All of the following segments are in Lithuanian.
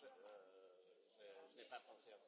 je, euh, je, je n'ai pas pensé à ça.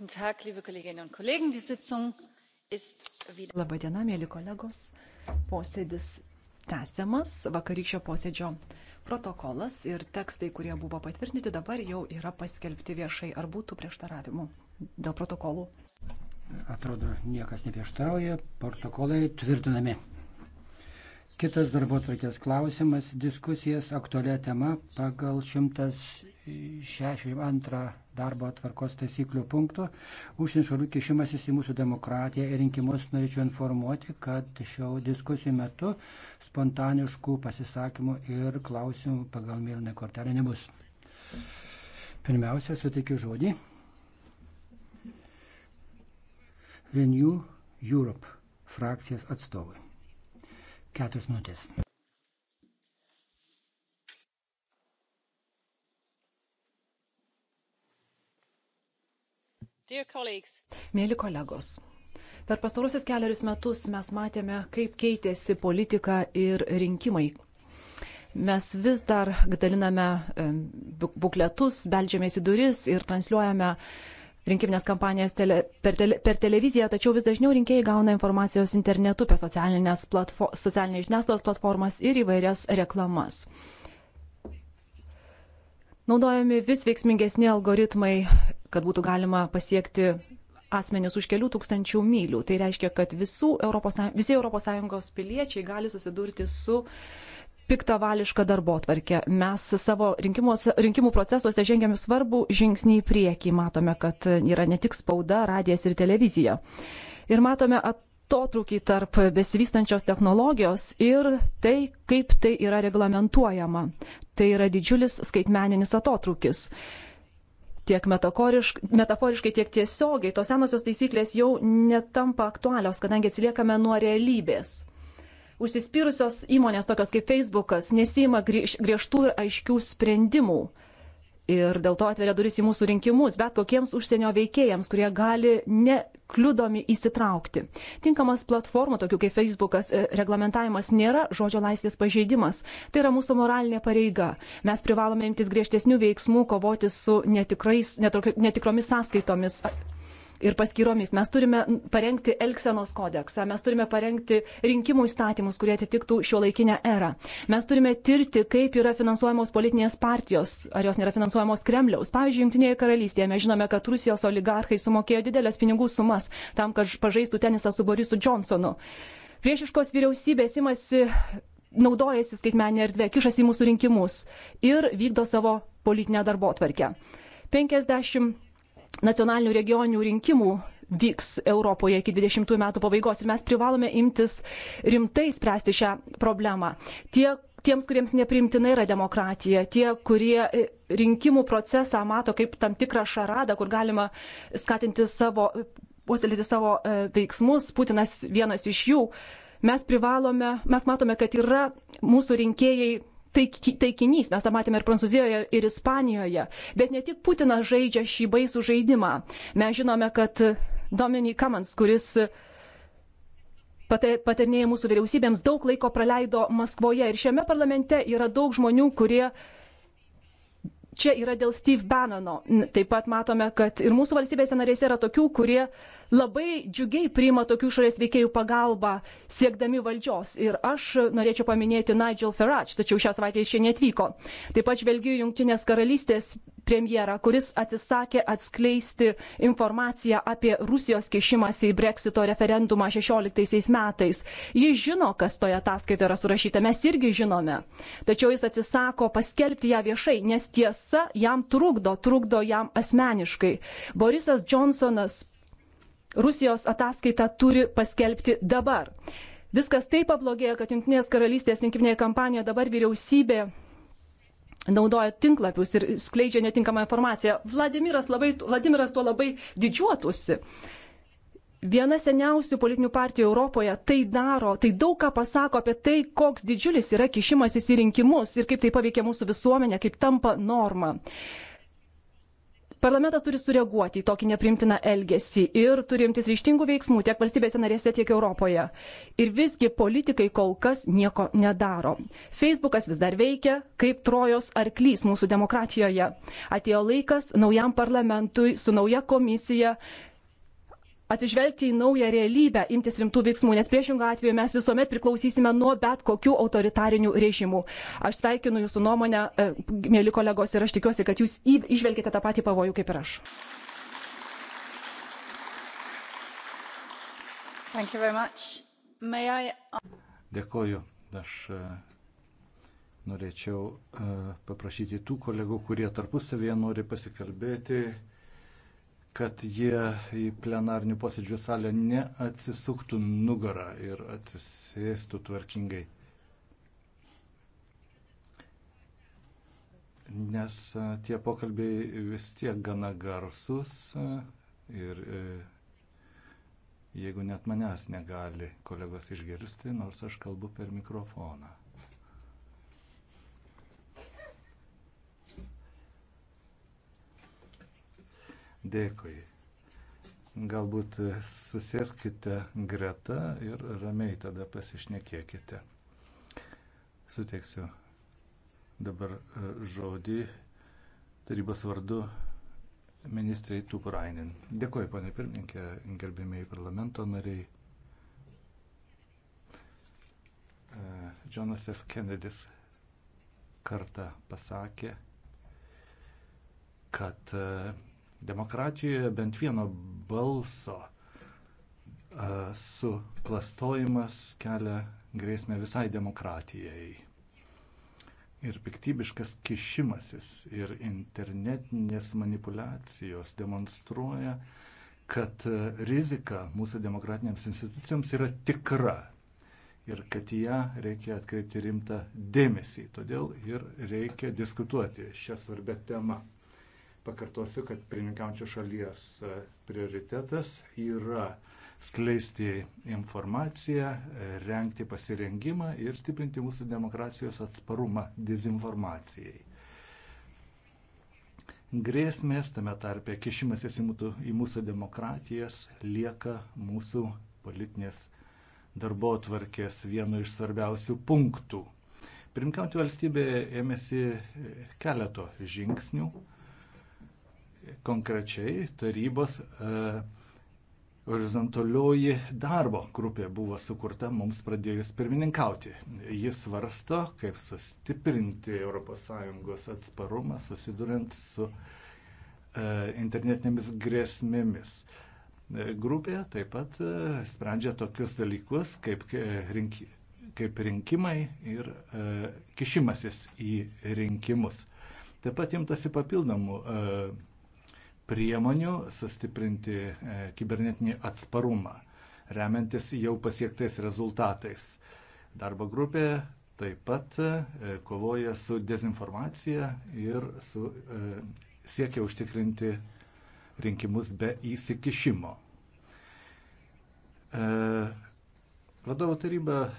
Labą dieną, mėly kolegos. Posėdis tęsiamas. Vakarykščio posėdžio protokolas ir tekstai, kurie buvo patvirtinti, dabar jau yra paskelbti viešai. Ar būtų prieštaravimų dėl protokolų? Atrodo, niekas neprieštarauja. Protokolai tvirtinami. Kitas darbo atvarkės klausimas - diskusijas aktualia tema pagal 162 darbo atvarkos taisyklių punktų. Užsienio šalių kišimasis į mūsų demokratiją ir rinkimus norėčiau informuoti, kad šio diskusijų metu spontaniškų pasisakymų ir klausimų pagal mėlyną kortelę nebus. Pirmiausia, suteikiu žodį. Renew Europe frakcijas atstovui. Keturios minutės. Mėly kolegos, per pastarusius keliarius metus mes matėme, kaip keitėsi politika ir rinkimai. Mes vis dar daliname bukletus, beldžiamės į duris ir transliuojame rinkiminės kampanijas tele, per, tele, per televiziją, tačiau vis dažniau rinkėjai gauna informacijos internetu per socialinės, platfo, socialinės žiniasklaidos platformas ir įvairias reklamas. Naudojami vis veiksmingesni algoritmai, kad būtų galima pasiekti asmenis už kelių tūkstančių mylių. Tai reiškia, kad visų Europos, visi ES piliečiai gali susidurti su uh, piktavališką darbo tvarkę. Mes savo rinkimų procesuose žengėme svarbų žingsnį į priekį. Matome, kad yra ne tik spauda, radijas ir televizija. Ir matome atotrukį tarp besivystančios technologijos ir tai, kaip tai yra reglamentuojama. Tai yra didžiulis skaitmeninis atotrukis tiek metaforiškai, tiek tiesiogiai, tos senosios taisyklės jau netampa aktualios, kadangi atsiliekame nuo realybės užsispyrusios įmonės tokios kaip Facebookas nesima griežtų ir aiškių sprendimų. Ir dėl to atveria duris į mūsų rinkimus, bet kokiems užsienio veikėjams, kurie gali nekliudomi įsitraukti. Tinkamas platformų, tokių kaip Facebookas, e, reglamentavimas nėra žodžio laisvės pažeidimas. Tai yra mūsų moralinė pareiga. Mes privalome imtis griežtesnių veiksmų, kovoti su netikrais, netikromis sąskaitomis ir paskyromis. Mes turime parengti Elksenos kodeksą, mes turime parengti rinkimų įstatymus, kurie atitiktų šio laikinę erą. Mes turime tirti, kaip yra finansuojamos politinės partijos, ar jos nėra finansuojamos Kremliaus. Pavyzdžiui, Junktinėje karalystėje mes žinome, kad Rusijos oligarchai sumokėjo didelės pinigų sumas tam, kad pažaistų tenisą su Borisu Johnsonu. Priešiškos vyriausybės imasi naudojasi skaitmeninė erdvė, kišasi į mūsų rinkimus ir vykdo savo politinę darbo tvarkę. 50 nacionalinių regioninių rinkimų vyks Europoje iki 20 metų pabaigos ir mes privalome imtis rimtai spręsti šią problemą. Tie, tiems, kuriems neprimtina yra demokratija, tie, kurie e, rinkimų procesą mato kaip tam tikrą šaradą, kur galima skatinti savo, puoselėti savo e, veiksmus, Putinas vienas iš jų, mes privalome, mes matome, kad yra mūsų rinkėjai taikinys. Mes tą matėme ir Prancūzijoje, ir Ispanijoje. Bet ne tik Putinas žaidžia šį baisų žaidimą. Mes žinome, kad Dominik Kamans, kuris paternėja mūsų vyriausybėms, daug laiko praleido Maskvoje. Ir šiame parlamente yra daug žmonių, kurie čia yra dėl Steve Bannono. Taip pat matome, kad ir mūsų valstybėse narėse yra tokių, kurie uh, labai džiugiai priima tokių išorės veikėjų pagalbą siekdami valdžios. Ir aš norėčiau paminėti Nigel Farage, tačiau šią savaitę jis čia netvyko. Taip pat žvelgiu Junktinės karalystės premjerą, kuris atsisakė atskleisti informaciją apie Rusijos kešimąsi į Brexito referendumą 16 metais. Jis žino, kas toje ataskaitoje yra surašyta, mes irgi žinome. Tačiau jis atsisako paskelbti ją viešai, nes tiesa jam trukdo, trukdo jam asmeniškai. Borisas Johnsonas Rusijos ataskaitą turi paskelbti dabar. Viskas taip pablogėjo, kad Junktinės karalystės rinkiminėje kampanijoje dabar vyriausybė naudoja tinklapius ir skleidžia netinkamą informaciją. Vladimiras, labai, Vladimiras tuo labai didžiuotųsi. Viena seniausių politinių partijų Europoje tai daro, tai daug ką pasako apie tai, koks didžiulis yra kišimasis į rinkimus ir kaip tai paveikia mūsų visuomenę, kaip tampa norma. Parlamentas turi sureaguoti į tokį neprimtiną elgesį ir turi imtis ryštingų veiksmų tiek valstybėse narėse, tiek Europoje. Ir visgi politikai kol kas nieko nedaro. Facebookas vis dar veikia kaip trojos arklys mūsų demokratijoje. Atėjo laikas naujam parlamentui su nauja komisija atsižvelgti į naują realybę, imtis rimtų veiksmų, nes priešingų atveju mes visuomet priklausysime nuo bet kokių autoritarinių režimų. Aš sveikinu jūsų nuomonę, e, mėly kolegos, ir aš tikiuosi, kad jūs išvelgite tą patį pavojų kaip ir aš. I... Dėkoju. Aš e, norėčiau e, paprašyti tų kolegų, kurie tarpusavėje nori pasikalbėti, kad jie į plenarnių posėdžių salę neatsisuktų nugarą ir atsisėstų tvarkingai. Nes tie pokalbiai vis tiek gana garsus ir e, jeigu net manęs negali kolegos išgirsti, nors aš kalbu per mikrofoną. Dėkui. Galbūt susėskite greta ir ramiai tada pasišnekėkite. Suteiksiu dabar e, žodį tarybos vardu ministrai Tupurainin. Dėkuoju, panė pirmininkė, gerbėmiai parlamento nariai. E, Jonas F. Kennedys kartą pasakė, kad e, Demokratijoje bent vieno balso su klastojimas kelia grėsmę visai demokratijai. Ir piktybiškas kišimasis ir internetinės manipulacijos demonstruoja, kad rizika mūsų demokratinėms institucijoms yra tikra ir kad į ją reikia atkreipti rimtą dėmesį. Todėl ir reikia diskutuoti šią svarbę temą. Pakartosiu, kad pirmininkiaučio šalies e, prioritetas yra skleisti informaciją, e, renkti pasirengimą ir stiprinti mūsų demokracijos atsparumą dezinformacijai. Grėsmės, tame tarpe kišimasis į mūsų, į mūsų demokratijas, lieka mūsų politinės darbo atvarkės vienu iš svarbiausių punktų. Pirmkiauti valstybė ėmėsi e, keleto žingsnių konkrečiai tarybos e, horizontalioji darbo grupė buvo sukurta mums pradėjus pirmininkauti. Jis svarsto, kaip sustiprinti ES atsparumą susidurint su e, internetinėmis grėsmėmis. E, grupė taip pat sprendžia tokius dalykus kaip, rinki, kaip rinkimai ir kišimasis į rinkimus. Taip pat imtasi papildomų priemonių sustiprinti e, kibernetinį atsparumą, remiantis jau pasiektais rezultatais. Darbo grupė taip pat e, kovoja su dezinformacija ir su, e, siekia užtikrinti rinkimus be įsikišimo. Vadovo taryba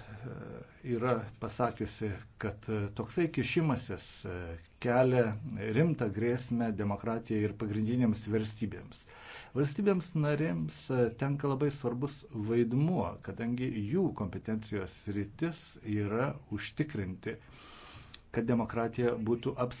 e, yra pasakiusi, kad e, toksai kišimasis e, kelia rimtą grėsmę demokratijai ir pagrindinėms verstybėms. Valstybėms narėms tenka labai svarbus vaidmuo, kadangi jų kompetencijos rytis yra užtikrinti, kad demokratija būtų apsaugota.